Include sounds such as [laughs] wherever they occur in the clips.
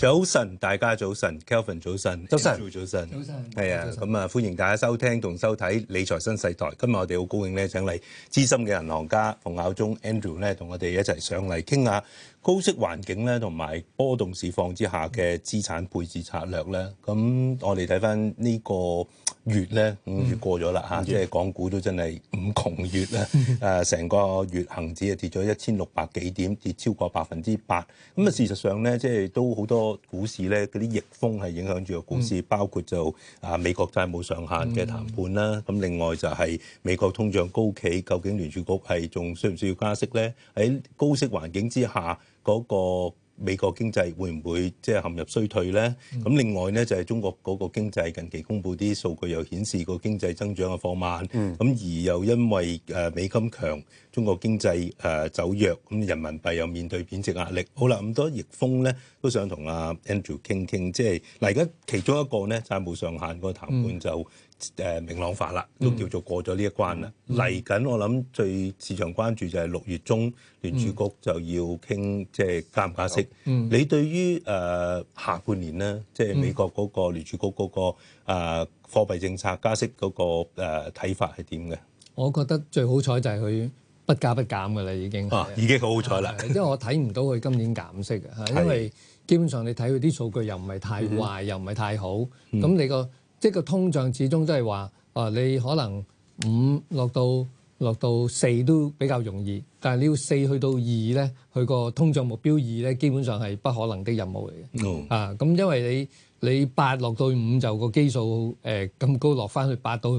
早晨，大家早晨，Kelvin 早晨，早晨，早晨，早晨，係啊，咁啊，歡迎大家收聽同收睇《理財新世代》。今日我哋好高興咧，請嚟資深嘅銀行家馮孝忠 Andrew 咧，同我哋一齊上嚟傾下。高息環境咧，同埋波動市況之下嘅資產配置策略咧，咁我哋睇翻呢個月咧，五、嗯、月過咗啦嚇，嗯啊、即係港股都真係五窮月啦。誒、嗯，成、啊、個月恒指啊跌咗一千六百幾點，跌超過百分之八。咁、嗯、啊，事實上咧，即係都好多股市咧，嗰啲逆風係影響住個股市，嗯、包括就啊美國債務上限嘅談判啦。咁、嗯、另外就係美國通脹高企，究竟聯儲局係仲需唔需要加息咧？喺高息環境之下。嗰個美國經濟會唔會即係陷入衰退咧？咁、mm. 另外咧就係中國嗰個經濟近期公佈啲數據又顯示個經濟增長嘅放慢，咁、mm. 而又因為誒美金強，中國經濟誒走弱，咁人民幣又面對貶值壓力。好啦，咁多逆風咧，都想同阿 Andrew 傾傾，即係嗱而家其中一個咧債務上限個談判就。Mm. 誒明朗化啦，都叫做過咗呢一關啦。嚟緊、嗯、我諗最市場關注就係六月中聯儲局、嗯、就要傾即係加唔加息。嗯、你對於誒、呃、下半年咧，即、就、係、是、美國嗰個聯儲局嗰、嗰個誒、呃、貨幣政策加息嗰、嗰個呃、睇法係點嘅？我覺得最好彩就係佢不加不減㗎啦，已經已經好好彩啦。因為我睇唔到佢今年減息嘅，是因為基本上你睇佢啲數據又唔係太壞，又唔係太好，咁你個。即係個通脹始終都係話，啊，你可能五落到落到四都比較容易，但係你要四去到二咧，去個通脹目標二咧，基本上係不可能的任務嚟嘅。Mm hmm. 啊，咁、嗯、因為你你八落到五就個基數誒咁高落翻去八到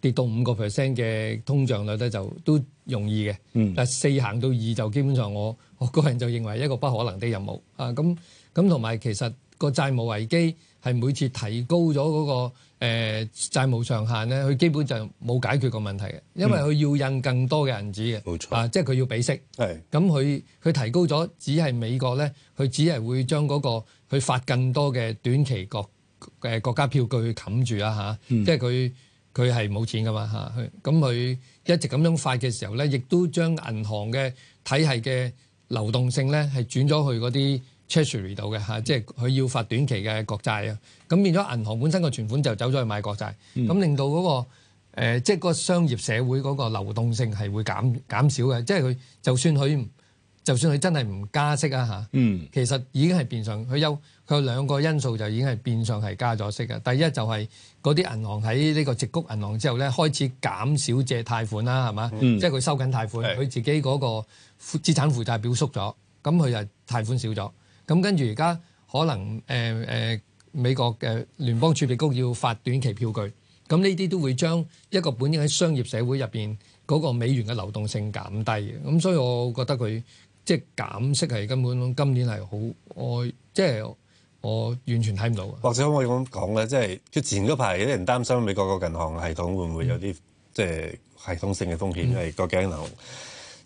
跌到五個 percent 嘅通脹率咧，就都容易嘅。Mm hmm. 但係四行到二就基本上我我個人就認為一個不可能的任務。啊，咁咁同埋其實個債務危機，係每次提高咗嗰、那個誒、呃、債務上限咧，佢基本上冇解決過問題嘅，因為佢要印更多嘅銀紙嘅，嗯、啊，冇錯，即係佢要俾息，咁佢佢提高咗，只係美國咧，佢只係會將嗰、那個佢發更多嘅短期國嘅、呃、國家票據去冚住啊嚇，即係佢佢係冇錢噶嘛嚇，咁、啊、佢一直咁樣發嘅時候咧，亦都將銀行嘅體系嘅流動性咧係轉咗去嗰啲 Treasury 度嘅嚇，即係佢要發短期嘅國債啊。咁變咗銀行本身個存款就走咗去買國債，咁令到嗰個誒，即係個商業社會嗰個流動性係會減減少嘅。即係佢就算佢就算佢真係唔加息啊嚇，其實已經係變相，佢有佢有兩個因素就已經係變相係加咗息嘅。第一就係嗰啲銀行喺呢個矽谷銀行之後咧開始減少借貸款啦，係嘛？即係佢收緊貸款，佢自己嗰個資產負債表縮咗，咁佢就貸款少咗。咁跟住而家可能誒誒、呃呃、美國嘅聯邦儲備局要發短期票據，咁呢啲都會將一個本應喺商業社會入邊嗰個美元嘅流動性減低嘅，咁、嗯、所以我覺得佢即係減息係根本今年係好哀，即係我完全睇唔到。或者可唔可以咁講咧？即係佢前嗰排有啲人擔心美國個銀行系統會唔會有啲、嗯、即係系統性嘅風險係嗰幾間銀行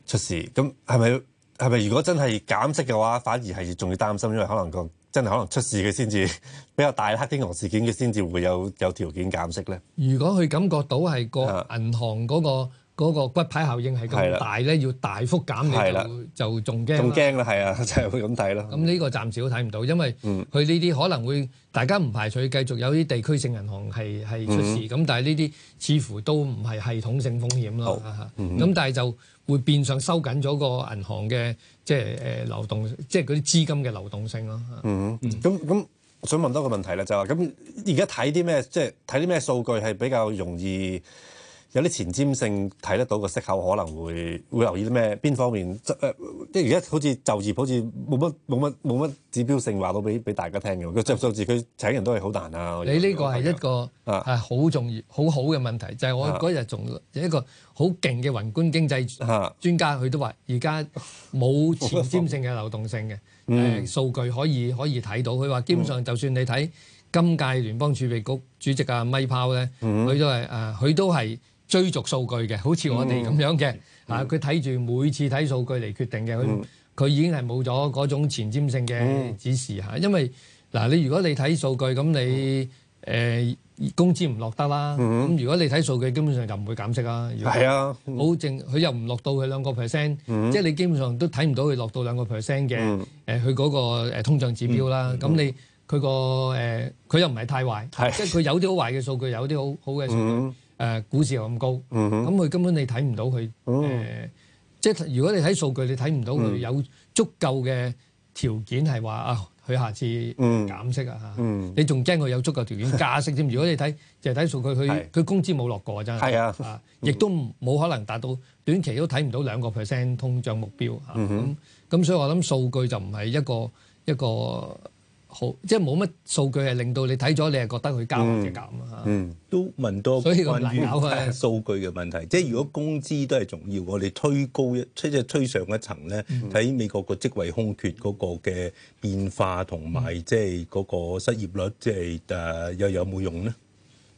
出事，咁係咪？係咪？如果真係減息嘅話，反而係仲要擔心，因為可能個真係可能出事嘅先至比較大黑天鵝事件嘅先至會有有條件減息咧。如果佢感覺到係個銀行嗰、嗰個。嗰個骨牌效應係咁大咧，的要大幅減你就的就仲驚，仲驚啦係啊，就係會咁睇咯。咁呢、嗯、個暫時都睇唔到，因為佢呢啲可能會大家唔排除繼續有啲地區性銀行係係出事，咁、嗯、但係呢啲似乎都唔係系統性風險咯。咁但係就會變相收緊咗個銀行嘅即係誒流動，即係嗰啲資金嘅流動性咯。咁咁想問多個問題咧，就係話咁而家睇啲咩，即係睇啲咩數據係比較容易？有啲前瞻性睇得到個息口可能會會留意啲咩？邊方面？即係而家好似就業好似冇乜冇乜冇乜指標性話到俾俾大家聽嘅。佢就業數字佢請人都係好難啊。你呢個係一個係好是、啊、重要好好嘅問題，就係、是、我嗰日仲有一個好勁嘅宏觀經濟專家，佢、啊、都話而家冇前瞻性嘅流動性嘅誒、 [laughs] 呃嗯、數據可以可以睇到。佢話基本上就算你睇今屆聯邦儲備局主席阿咪泡咧，佢、嗯、都係誒，佢、啊、都係。啊追逐數據嘅，好似我哋咁樣嘅，啊，佢睇住每次睇數據嚟決定嘅，佢佢已經係冇咗嗰種前瞻性嘅指示嚇，因為嗱你如果你睇數據咁你誒工資唔落得啦，咁如果你睇數據，基本上就唔會減息啦。係啊，保證佢又唔落到佢兩個 percent，即係你基本上都睇唔到佢落到兩個 percent 嘅誒，佢嗰個誒通脹指標啦。咁你佢個誒佢又唔係太壞，即係佢有啲好壞嘅數據，有啲好好嘅數據。誒股市又咁高，咁佢根本你睇唔到佢誒，即係如果你睇數據，你睇唔到佢有足夠嘅條件係話啊，佢下次減息啊嚇，你仲驚佢有足夠條件加息添？如果你睇淨係睇數據，佢佢工資冇落過真係，係啊，亦都冇可能達到短期都睇唔到兩個 percent 通脹目標嚇，咁咁所以我諗數據就唔係一個一個。好，即係冇乜數據係令到你睇咗，你係覺得佢交或者減啊？嗯，都問多關於個數據嘅問題。即係如果工資都係重要，我哋推高一，即係推上一層咧，喺、嗯、美國個職位空缺嗰個嘅變化同埋，即係嗰個失業率，即係誒又有冇用咧？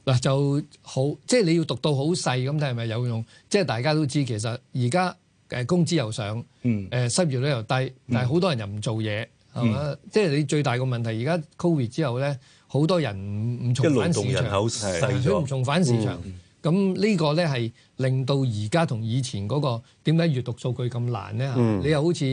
嗱就好，即係你要讀到好細咁睇，係咪有用？即係大家都知，其實而家誒工資又上，誒、嗯呃、失業率又低，但係好多人又唔做嘢。係嘛？嗯、即係你最大個問題，而家 covid 之後咧，好多人唔唔重返市場，即係勞動人口細咗，唔重返市場。咁呢、嗯、個咧係令到而家同以前嗰個點解閲讀數據咁難咧？嗯、你又好似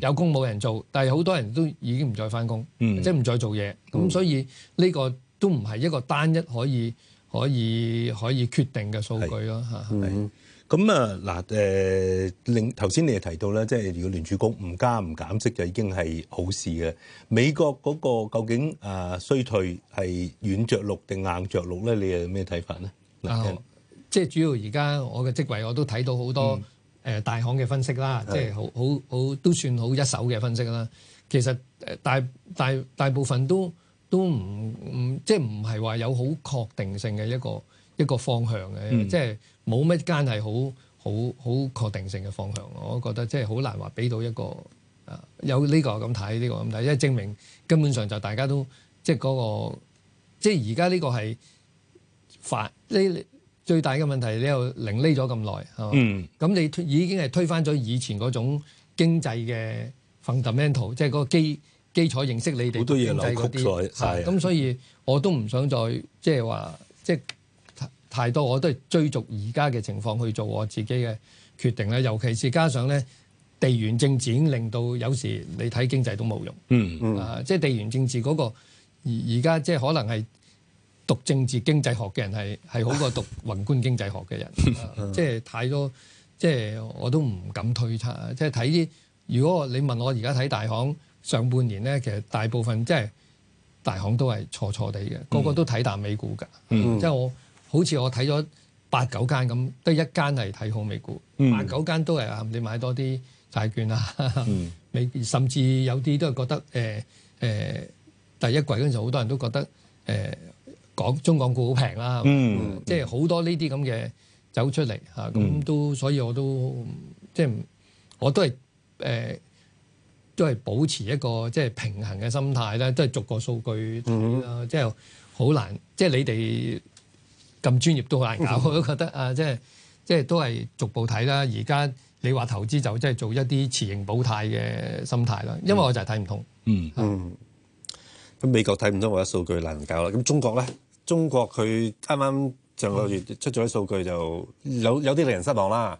有工冇人做，嗯、但係好多人都已經唔再返工，即係唔再做嘢。咁、嗯、所以呢個都唔係一個單一可以可以可以決定嘅數據咯，嚇係是、嗯咁啊嗱，誒，另頭先你又提到咧，即係如果聯儲局唔加唔減息就已經係好事嘅。美國嗰個究竟啊衰退係軟着陸定硬着陸咧？你又有咩睇法咧？啊，嗯、即係主要而家我嘅職位我都睇到好多誒、嗯呃、大行嘅分析啦，即係好好好都算好一手嘅分析啦。其實大大大，大部分都都唔唔即係唔係話有好確定性嘅一個一個方向嘅，嗯、即係。冇乜間係好好好確定性嘅方向，我覺得即係好難話俾到一個啊、呃、有呢個咁睇呢個咁睇，因為證明根本上就大家都即係嗰、嗰個即係而家呢個係法呢最大嘅問題，你又凌匿咗咁耐，嗯，咁、啊、你已經係推翻咗以前嗰種經濟嘅 fundamental，即係嗰個基基礎認識你哋好多嘢扭曲咗，係咁，所以我都唔想再即係話即。即係太多我都係追逐而家嘅情況去做我自己嘅決定啦，尤其是加上咧地緣政治已經令到有時你睇經濟都冇用，嗯嗯、啊！即係地緣政治嗰個而而家即係可能係讀政治經濟學嘅人係係好過讀宏觀經濟學嘅人，啊嗯啊、即係太多即係我都唔敢推測，即係睇啲。如果你問我而家睇大行上半年咧，其實大部分即係大行都係錯錯地嘅，個個都睇淡美股㗎、嗯嗯嗯，即係我。好似我睇咗八九間咁，得一間係睇好美股，嗯、八九間都係啊！你買多啲債券啦，美、嗯、甚至有啲都係覺得誒誒、呃呃、第一季嗰陣好多人都覺得誒港、呃、中港股好平啦，嗯嗯、即係好多呢啲咁嘅走出嚟嚇咁都，所以我都即係我都係誒、呃、都係保持一個即係平衡嘅心態咧，都係逐個數據睇啦、嗯嗯，即係好難即係你哋。咁專業都好難搞，我都覺得啊，即係即係都係逐步睇啦。而家你話投資就即係做一啲持盈保泰嘅心態啦。因為我就係睇唔通。嗯嗯。咁是、嗯嗯、美國睇唔通或者數據難搞啦。咁中國咧，中國佢啱啱上個月出咗啲數據就有有啲令人失望啦。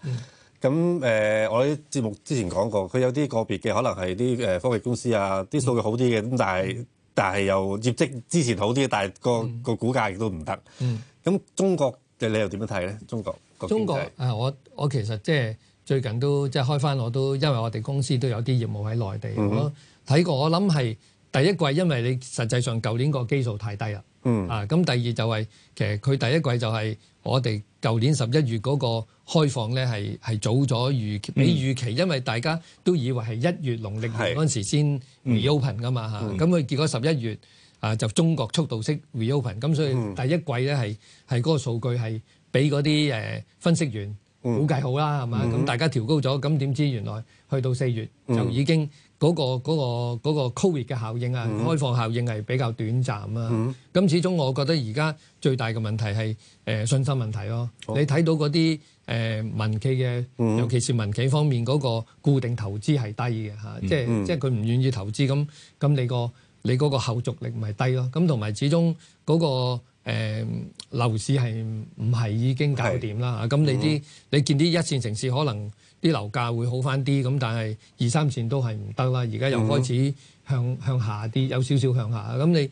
咁誒、嗯呃，我喺節目之前講過，佢有啲個別嘅可能係啲誒科技公司啊，啲數據好啲嘅，咁但係但係又業績之前好啲，但係、那個個股價亦都唔得。嗯。咁中國嘅你又點樣睇咧？中國中國誒、啊，我我其實即係最近都即係、就是、開返，我都因為我哋公司都有啲業務喺內地，嗯、我睇過，我諗係第一季，因為你實際上舊年個基數太低啦，嗯啊，咁第二就係、是、其實佢第一季就係我哋舊年十一月嗰個開放咧，係係早咗預你預期，預期嗯、因為大家都以為係一月農曆年嗰陣時先 reopen 㗎嘛嚇，咁佢、嗯啊、結果十一月。啊！就中國速度式 reopen，咁所以第一季咧係係嗰個數據係俾嗰啲誒分析員估計好啦，係嘛、嗯？咁大家調高咗，咁點知原來去到四月、嗯、就已經嗰、嗰個嗰、嗰個 COVID 嘅效應啊，嗯、開放效應係比較短暫啊。咁、嗯、始終我覺得而家最大嘅問題係誒、呃、信心問題咯。好你睇到嗰啲誒民企嘅，尤其是民企方面嗰、嗰個固定投資係低嘅嚇，即係即係佢唔願意投資咁咁你個。你嗰個後續力咪低咯？咁同埋始終嗰、嗰個誒、呃、樓市係唔係已經搞掂啦？咁 Okay. 你啲、mm hmm. 你見啲一線城市可能啲樓價會好翻啲，咁但係二三線都係唔得啦。而家又開始向、mm hmm. 向下啲，有少少向下。咁你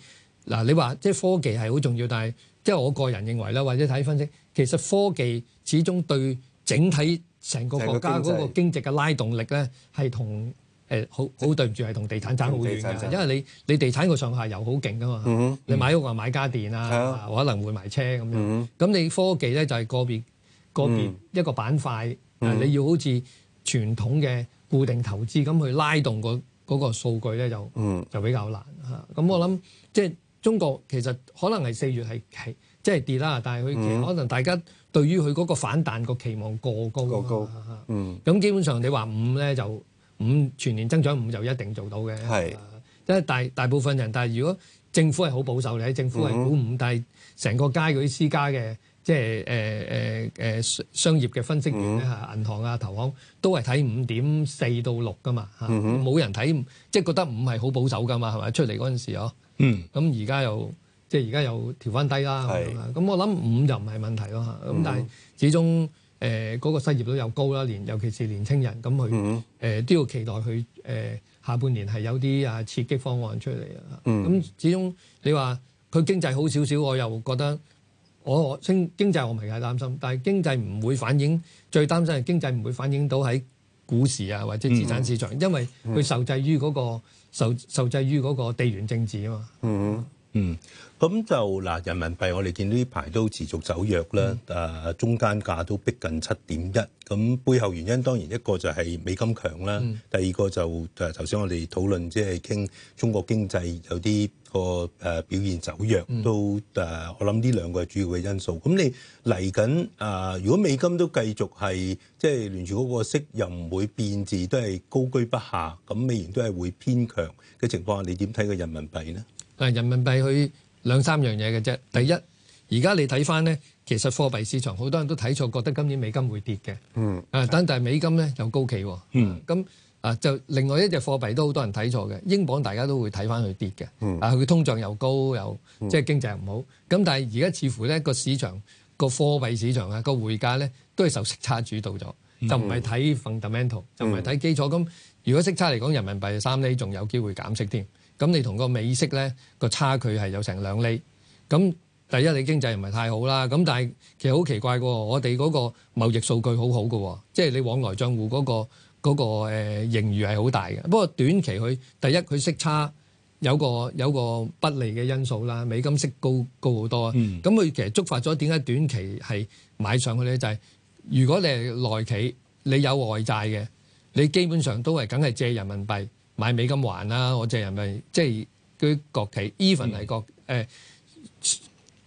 嗱，你話即係科技係好重要，但係即係我個人認為啦，或者睇分析，其實科技始終對整體成個國家嗰個經濟嘅拉動力咧係同。誒好好對唔住，係同地產爭好遠嘅，因為你你地產個上下游好勁噶嘛，你買屋啊、買家電啊，可能會買車咁樣，咁你科技咧就係個別個別一個板塊，你要好似傳統嘅固定投資咁去拉動個嗰個數據咧就就比較難吓。咁我諗即係中國其實可能係四月係係即係跌啦，但係佢其實可能大家對於佢嗰個反彈個期望過高，過高。咁基本上你話五咧就。五全年增長五就一定做到嘅，因為是、啊即係、大大部分人，但係如果政府係好保守嘅，政府係估五、嗯哼，但係成個街嗰啲私家嘅，即係誒誒誒商業嘅分析員咧，嚇、嗯、哼銀行啊、投行都係睇五點四到六噶嘛嚇，冇、嗯、哼人睇即係覺得五係好保守噶嘛，係咪出嚟嗰陣時呵？嗯，咁而家又即係而家又調翻低啦咁是我諗五就唔係問題咯嚇，咁但係始終。誒嗰、呃嗰個失業率又高啦，年尤其是年青人，咁佢誒都要期待佢誒、呃、下半年係有啲啊刺激方案出嚟啊！咁、嗯、始終你話佢經濟好少少，我又覺得我我經經濟我唔係太擔心，但係經濟唔會反映，最擔心係經濟唔會反映到喺股市啊或者資產市場，嗯嗯、因為佢受制於嗰、嗰個受受制於嗰個地緣政治啊嘛。嗯嗯嗯，咁就嗱，人民幣我哋見到呢排都持續走弱啦，誒、嗯啊、中間價都逼近七點一。咁背後原因當然一個就係美金強啦，嗯、第二個就誒頭先我哋討論即係傾中國經濟有啲個誒表現走弱都，都誒、嗯啊、我諗呢兩個係主要嘅因素。咁你嚟緊誒，如果美金都繼續係即係聯儲嗰個息又唔會變字都係高居不下，咁美元都係會偏強嘅情況下，你點睇個人民幣咧？誒人民幣去兩三樣嘢嘅啫。第一，而家你睇翻咧，其實貨幣市場好多人都睇錯，覺得今年美金會跌嘅。嗯。啊，但係美金咧又高企。嗯。咁啊，就另外一隻貨幣都好多人睇錯嘅，英鎊大家都會睇翻佢跌嘅。嗯。啊，佢嘅通脹又高又即係經濟又唔好。咁但係而家似乎咧個市場個貨幣市場啊個匯價咧都係受息差主導咗，就唔係睇 fundamental，就唔係睇基礎。咁如果息差嚟講，人民幣三厘仲有機會減息添。咁你同個美息咧個差距係有成兩厘。咁第一你經濟唔係太好啦。咁但係其實好奇怪喎，我哋嗰個貿易數據好好嘅，即係你往來帳戶嗰個嗰個誒盈餘係好大嘅。不過短期佢第一佢息差有個有個不利嘅因素啦，美金息高高好多。咁佢其實觸發咗點解短期係買上去咧？就係如果你係內企，你有外債嘅，你基本上都係梗係借人民幣。買美金還啦，我借人民即係嗰啲國企，even 係國誒，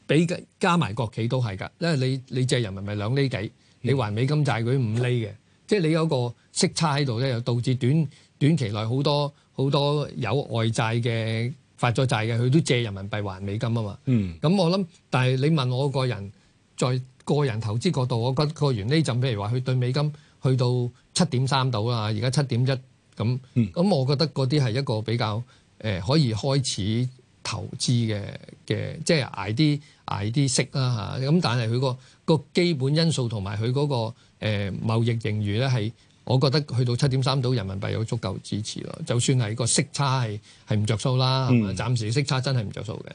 俾、嗯呃、加埋國企都係㗎，因為你你借人民咪兩厘幾，你還美金債佢五厘嘅，嗯、即係你有一個息差喺度咧，又導致短短期內好多好多有外債嘅發咗債嘅，佢都借人民幣還美金啊嘛。咁、嗯、我諗，但係你問我個人，在個人投資角度，我覺得過完呢陣，譬如話佢對美金去到七點三度啦，而家七點一。咁咁，嗯嗯、我覺得嗰啲係一個比較誒、呃，可以開始投資嘅嘅，即係捱啲捱啲息啦嚇。咁、啊、但係佢個個基本因素同埋佢嗰個誒貿易盈餘咧，係我覺得去到七點三到人民幣有足夠支持咯。就算係個息差係係唔着數啦，嗯、暫時息差真係唔着數嘅。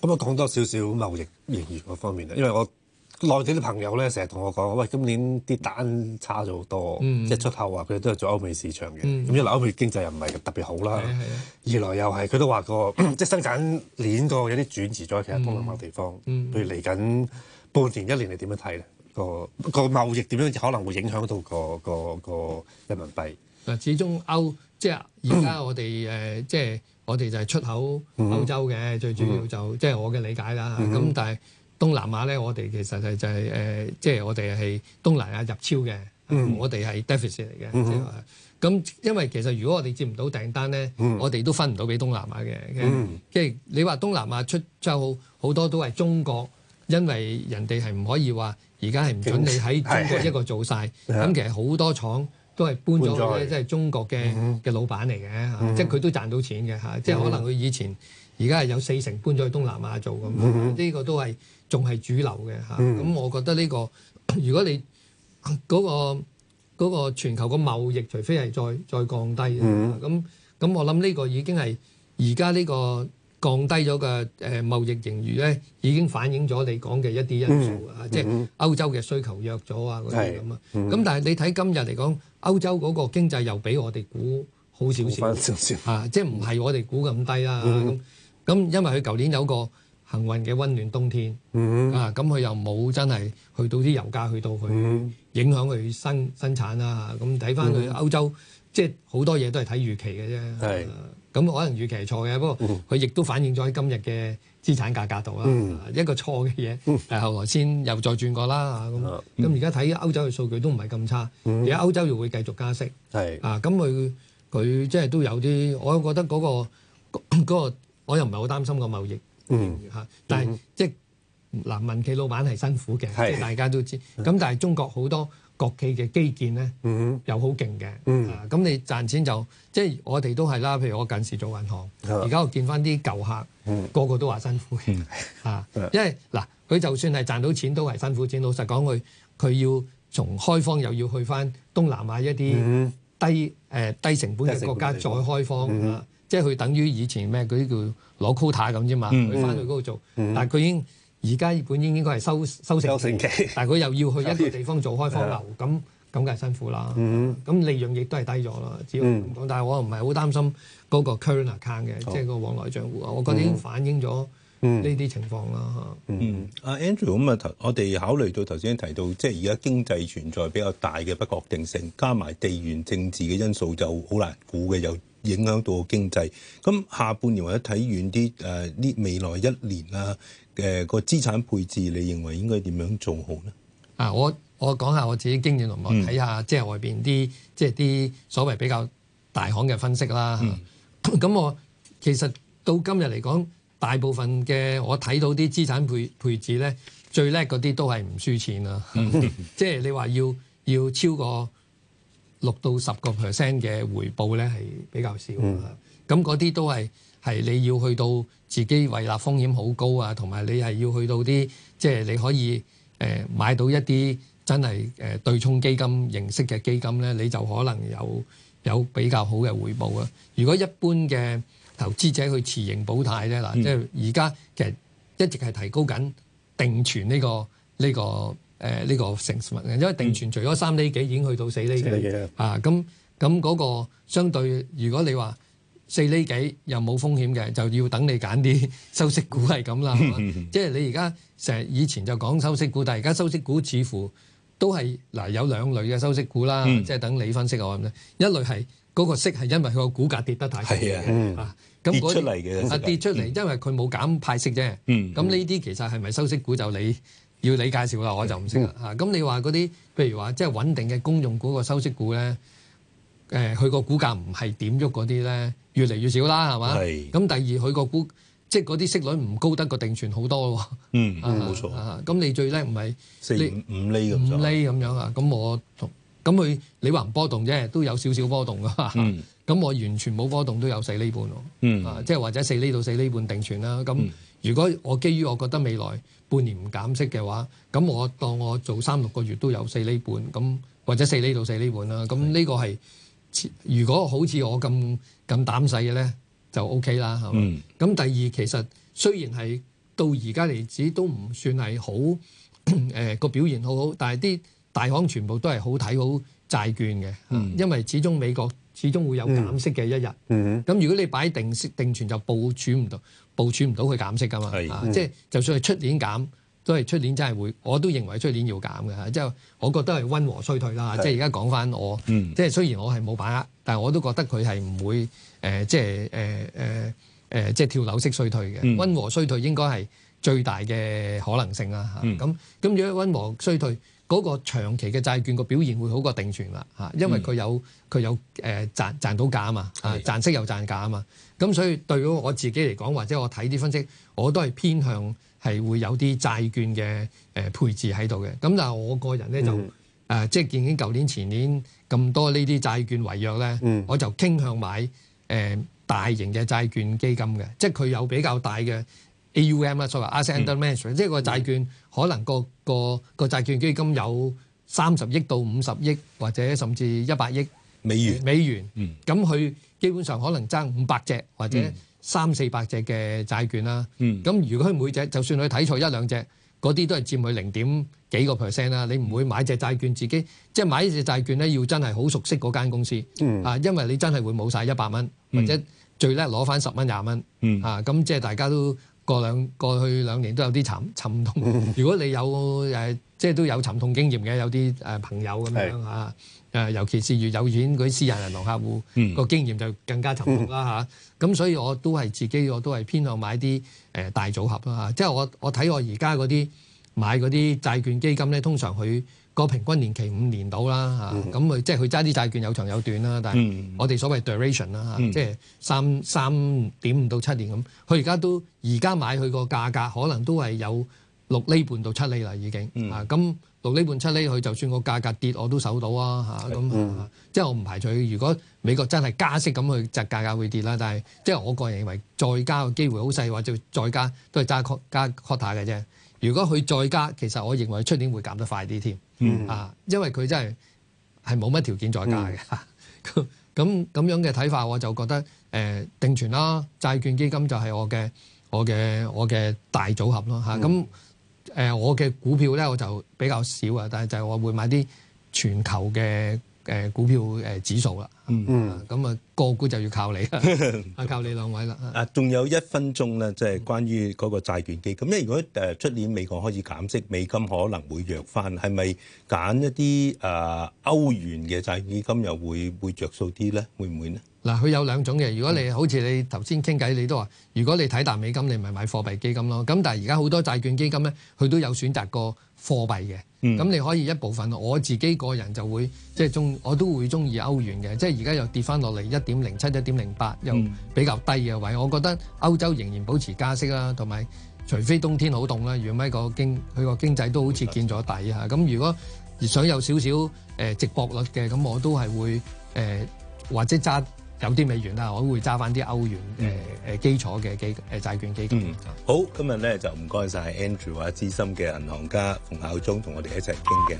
咁啊、嗯，我講多少少貿易盈餘嗰方面啊，因為我。內地啲朋友咧，成日同我講：喂，今年啲單差咗好多，嗯、即係出口啊，佢都係做歐美市場嘅。咁、嗯、一來歐美經濟又唔係特別好啦，嗯、二來又係佢都話個即係生產鏈個有啲轉移咗其他東南亞地方。譬、嗯、如嚟緊半年一年你，你點樣睇咧？個個貿易點樣可能會影響到、那個個個人民幣。嗱，始終歐即係而家我哋誒，即係我哋、嗯呃、就係出口歐洲嘅，嗯、最主要就即係我嘅理解啦。咁、嗯嗯嗯嗯、但係。東南亞咧，我哋其實係就係、是、誒、呃，即係我哋係東南亞入超嘅，嗯、我哋係 deficit 嚟嘅。咁、嗯、因為其實如果我哋接唔到訂單咧，嗯、我哋都分唔到俾東南亞嘅。即係、嗯、你話東南亞出超好多都係中國，因為人哋係唔可以話而家係唔准你喺中國一個做晒。咁其實好多廠。都係搬咗去，即係中國嘅嘅老闆嚟嘅，即係佢都賺到錢嘅嚇，即係可能佢以前而家係有四成搬咗去東南亞做咁，呢個都係仲係主流嘅嚇。咁我覺得呢個，如果你嗰個嗰個全球嘅貿易，除非係再再降低，咁咁我諗呢個已經係而家呢個降低咗嘅誒貿易盈餘咧，已經反映咗你講嘅一啲因素啊，即係歐洲嘅需求弱咗啊嗰啲咁啊。咁但係你睇今日嚟講。歐洲嗰個經濟又比我哋估好少少，嚇、啊，即係唔係我哋估咁低啦、啊。咁咁、mm hmm. 啊、因為佢舊年有個幸運嘅溫暖冬天，mm hmm. 啊，咁佢又冇真係去到啲油價去到去影響佢生生產啦、啊。咁睇翻佢歐洲，mm hmm. 即係好多嘢都係睇預期嘅啫。Mm hmm. 啊咁可能預期係錯嘅，不過佢亦都反映咗喺今日嘅資產價格度啦。一個錯嘅嘢，但係後來先又再轉過啦。咁咁而家睇歐洲嘅數據都唔係咁差，而家歐洲又會繼續加息。係啊，咁佢佢即係都有啲，我覺得嗰個嗰個我又唔係好擔心個貿易嚇，但係即係嗱，民企老闆係辛苦嘅，即係大家都知。咁但係中國好多。國企嘅基建咧，又好勁嘅，咁你賺錢就即係我哋都係啦。譬如我近時做銀行，而家我見翻啲舊客，個個都話辛苦啊！因為嗱，佢就算係賺到錢都係辛苦錢。老實講，佢佢要從開荒又要去翻東南亞一啲低誒低成本嘅國家再開荒，即係佢等於以前咩嗰啲叫攞 quota 咁啫嘛，佢翻去嗰度做，但係佢已經。而家本應應該係收收成期， [laughs] 但係佢又要去一個地方做開荒牛，咁咁梗係辛苦啦。咁、mm hmm. 利潤亦都係低咗啦。只要唔、mm hmm. 但係我唔係好擔心嗰個 current account 嘅，即係好個往來賬戶啊。Mm hmm. 我覺得已經反映咗呢啲情況啦。嗯，阿 Andrew 咁啊，我哋考慮到頭先提到，即係而家經濟存在比較大嘅不確定性，加埋地緣政治嘅因素就好難估嘅又。有影響到經濟，咁下半年或者睇遠啲，誒、呃、呢未來一年啦，誒個資產配置你認為應該點樣做好呢？啊，我我講下我自己經驗同埋我睇下，嗯、即係外邊啲，即係啲所謂比較大行嘅分析啦。咁、嗯啊、我其實到今日嚟講，大部分嘅我睇到啲資產配配置呢，最叻嗰啲都係唔輸錢啦、啊。即係你話要要超過。六到十個 percent 嘅回報咧係比較少啊，咁嗰啲都係係你要去到自己胃納風險好高啊，同埋你係要去到啲即係你可以誒、呃、買到一啲真係誒、呃、對沖基金形式嘅基金咧，你就可能有有比較好嘅回報啊！如果一般嘅投資者去持盈保泰咧，嗱、嗯、即係而家其實一直係提高緊定存呢個呢個。這個誒呢、呃這個成文嘅，因為定存除咗三厘幾已經去到四厘幾啊！咁咁嗰個相對，如果你話四厘幾又冇風險嘅，就要等你揀啲收息股係咁啦。 [laughs] 即係你而家成以前就講收息股，但係而家收息股似乎都係嗱、啊、有兩類嘅收息股啦。 [laughs] 即係等你分析我咁樣，一類係嗰、那個息係因為佢個股價跌得太低啊啊跌出嚟嘅啊跌出嚟， [laughs] 因為佢冇減派息啫。咁呢啲其實係咪收息股就你？要你介紹啦，我就唔識啦嚇。咁、嗯啊、你話嗰啲，譬如話即係穩定嘅公用股個收息股咧，誒、呃，佢個股價唔係點喐嗰啲咧，越嚟越少啦，係嘛？係是。咁第二佢個股，即係嗰啲息率唔高，得過定存好多喎、嗯。嗯，冇錯咁、啊嗯啊、你最叻唔係四厘、五厘咁。五厘咁樣啊？咁我同咁佢，你話唔波動啫，都有少少，少波動噶。咁、嗯、 [laughs] 我完全冇波動，都有四厘半喎、嗯啊。即係或者四厘到四厘半定存啦。咁、啊嗯、如果我基於我覺得未來。半年唔減息嘅話，咁我當我做三六個月都有四厘半，咁或者四厘到四厘半啦。咁呢個係如果好似我咁咁膽細嘅呢，就 O K 啦，係咁、嗯、第二其實雖然係到而家嚟止都唔算係好誒、 [coughs] 呃、個表現好好，但係啲大行全部都係好睇好債券嘅，嗯、因為始終美國始終會有減息嘅一日。咁、嗯嗯、如果你擺定息定存就部署唔到。部署唔到佢減息噶嘛，嗯啊、即係就算係出年減，都係出年真係會，我都認為出年要減嘅、啊，即係我覺得係温和衰退啦，即係而家講翻講返我，嗯、即係雖然我係冇把握，但係我都覺得佢係唔會誒、呃呃呃呃呃，即係誒誒誒，即係跳樓式衰退嘅，温、嗯、和衰退應該係最大嘅可能性啦。咁、啊、咁、啊嗯嗯、如果温和衰退。嗰個長期嘅債券個表現會好過定存啦嚇，因為佢有佢、嗯、有誒、呃、賺賺到價啊嘛，啊賺息又賺價啊嘛，咁所以對於我自己嚟講，或者我睇啲分析，我都係偏向係會有啲債券嘅誒、呃、配置喺度嘅。咁但係我個人咧、嗯、就誒、呃，即係見緊舊年前年咁多呢啲債券違約咧，嗯、我就傾向買誒、呃、大型嘅債券基金嘅，即係佢有比較大嘅。AUM 啦，所謂 Asset Management，即係個債券可能個個個債券基金有三十億到五十億或者甚至一百億美元美元，咁佢基本上可能爭五百隻或者三四百隻嘅債券啦。咁如果佢每隻就算佢睇錯一兩隻，嗰啲都係佔佢零點幾個 percent 啦。你唔會買隻債券自己，即係買隻債券咧要真係好熟悉嗰間公司啊，因為你真係會冇晒一百蚊，或者最叻攞翻十蚊廿蚊啊，咁即係大家都。過兩過去兩年都有啲沉沉痛，如果你有誒、呃，即係都有沉痛經驗嘅，有啲誒、呃、朋友咁樣嚇，誒是、啊、尤其是越有錢嗰啲私人銀行客戶，個經驗就更加沉痛啦嚇。咁、啊、所以我都係自己我都係偏向買啲誒、呃、大組合啦嚇、啊，即係我我睇我而家嗰啲買嗰啲債券基金咧，通常佢。個平均年期五年到啦嚇，咁佢、mm hmm. 啊、即係佢揸啲債券有長有短啦，但係我哋所謂 duration 啦嚇、mm hmm. 啊，即係三三點五到七年咁。佢而家都而家買佢、mm hmm. 啊、個價格，可能都係有六厘半到七厘啦已經嚇。咁六厘半七厘，佢就算個價格跌，我都守到啊嚇。咁、啊 mm hmm. 啊、即係我唔排除，如果美國真係加息咁去，就價格會跌啦。但係即係我個人認為，再加嘅機會好細，或者再加都係加 quarter 加 quarter 嘅啫。如果佢再加，其實我認為出年會，會減得快啲添。嗯啊，mm hmm. 因為佢真係係冇乜條件再加嘅，咁咁咁樣嘅睇法我就覺得，誒、呃、定存啦，債券基金就係我嘅我嘅我嘅大組合咯嚇，咁誒、mm hmm. 呃、我嘅股票咧我就比較少啊，但係就係我會買啲全球嘅誒、呃、股票誒指數啦。嗯，咁啊、嗯，個股就要靠你啊， [laughs] 靠你兩位啦。啊，仲有一分鐘咧，即、就、係、是、關於嗰個債券基金。嗯、因為如果誒出年美國開始減息，美金可能會弱翻，係咪揀一啲誒、呃、歐元嘅債券基金又會會著數啲咧？會唔會,會呢？嗱，佢有兩種嘅。如果你好似、嗯、你頭先傾偈，你都話，如果你睇大美金，你咪買貨幣基金咯。咁但係而家好多債券基金咧，佢都有選擇過貨幣嘅。咁、嗯嗯、你可以一部分，我自己個人就會即係中，就是、我都會鍾意歐元嘅，即係。而家又跌翻落嚟一點零七、一點零八，又比較低嘅位。嗯、我覺得歐洲仍然保持加息啦，同埋除非冬天好凍啦，如果呢個經佢個經濟都好似見咗底嚇。咁、嗯、如果想有少少誒值博率嘅，咁我都係會誒、呃、或者揸有啲美元啦，我都會揸翻啲歐元誒誒、呃、基礎嘅基誒債券基金。嗯、好，今日咧就唔該晒 Andrew 啊，資深嘅銀行家馮孝忠同我哋一齊傾嘅。